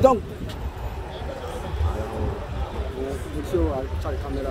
Donc. Monsieur, à la caméra.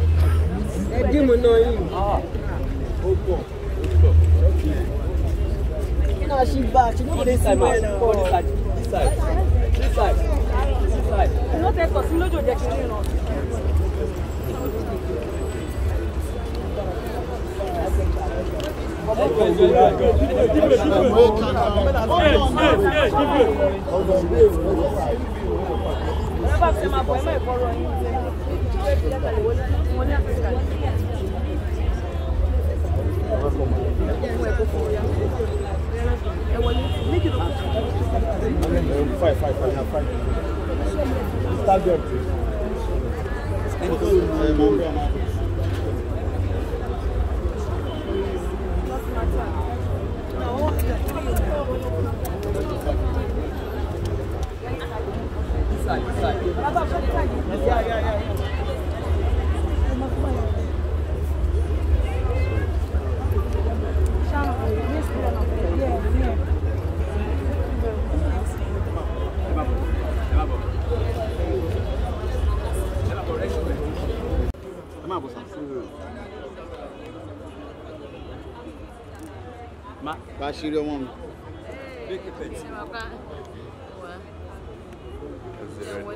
díìmù náà yìí. ó pọ̀ ó pọ̀ kí náà ṣì bá a ṣì ní kò sí bẹ́ẹ̀ náà. this tẹ kọ sí lójú òjẹ kìíní ràn. Ọ̀rẹ́ bá Start there, Thank you. Yeah, yeah, yeah. 하나 보자. 마 마시려면 이렇게 되지. Considérez.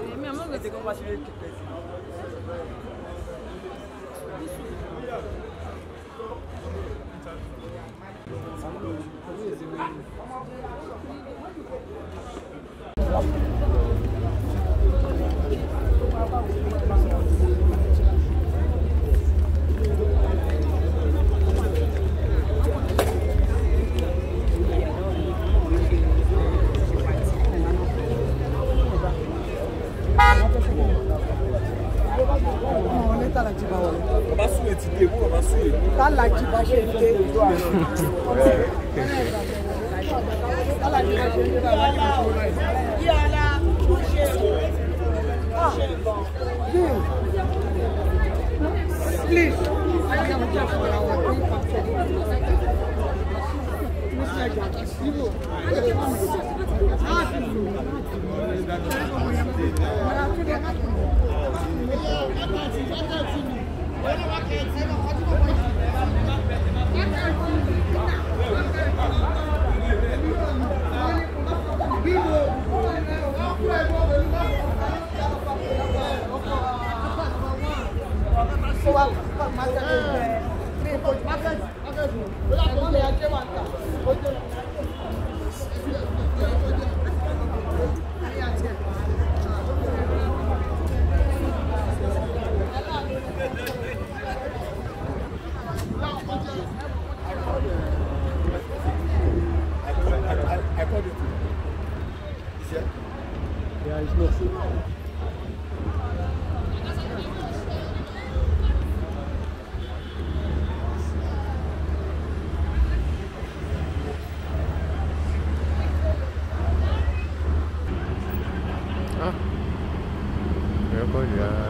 talaji ba wọlé. o sùn ètí dé mú bàbá sùn ètí. talaji bá dé ìlú bá ṣe yìí kò rẹ̀. yí ṣe ìbọn. please. Thank you. Yeah.